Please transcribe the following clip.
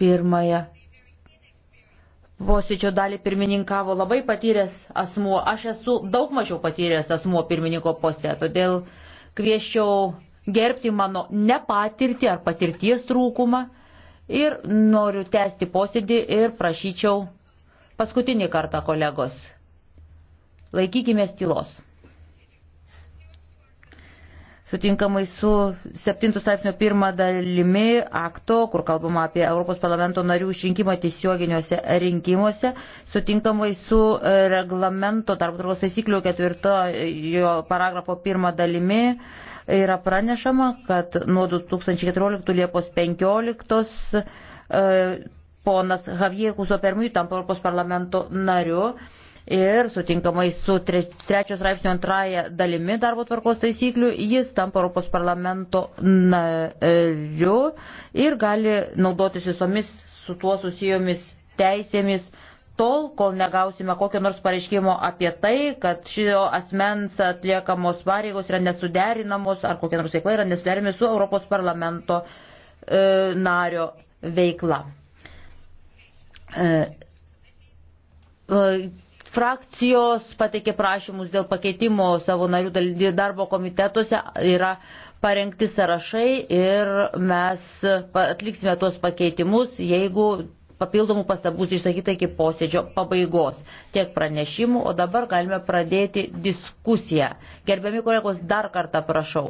Pirmąją posėdžio dalį pirmininkavo labai patyręs asmuo. Aš esu daug mažiau patyręs asmuo pirmininko poste, todėl kvieščiau gerbti mano nepatirtį ar patirties trūkumą ir noriu tęsti posėdį ir prašyčiau paskutinį kartą kolegos. Laikykime tylos sutinkamai su 7 straipsnio pirmą dalimi akto, kur kalbama apie Europos parlamento narių išrinkimą tiesioginiuose rinkimuose, sutinkamai su e, reglamento darbo tvarkos taisyklių ketvirto jo paragrafo pirmą dalimi yra pranešama, kad nuo 2014 Liepos 15 e, ponas Haviekus Opermiui tampa Europos parlamento nariu ir sutinkamai su trečios straipsnio antraja dalimi darbo tvarkos taisyklių jis tampa Europos parlamento nariu ir gali naudotis visomis su tuo susijomis teisėmis tol, kol negausime kokio nors pareiškimo apie tai, kad šio asmens atliekamos pareigos yra nesuderinamos ar kokie nors veiklai yra nesuderinami su Europos parlamento e, nario veikla. E, e, Frakcijos pateikė prašymus dėl pakeitimo savo narių darbo komitetuose, yra parengti sąrašai ir mes atliksime tuos pakeitimus, jeigu papildomų pastabų išsakyta iki posėdžio pabaigos. Tiek pranešimų, o dabar galime pradėti diskusiją. Gerbiami kolegos, dar kartą prašau.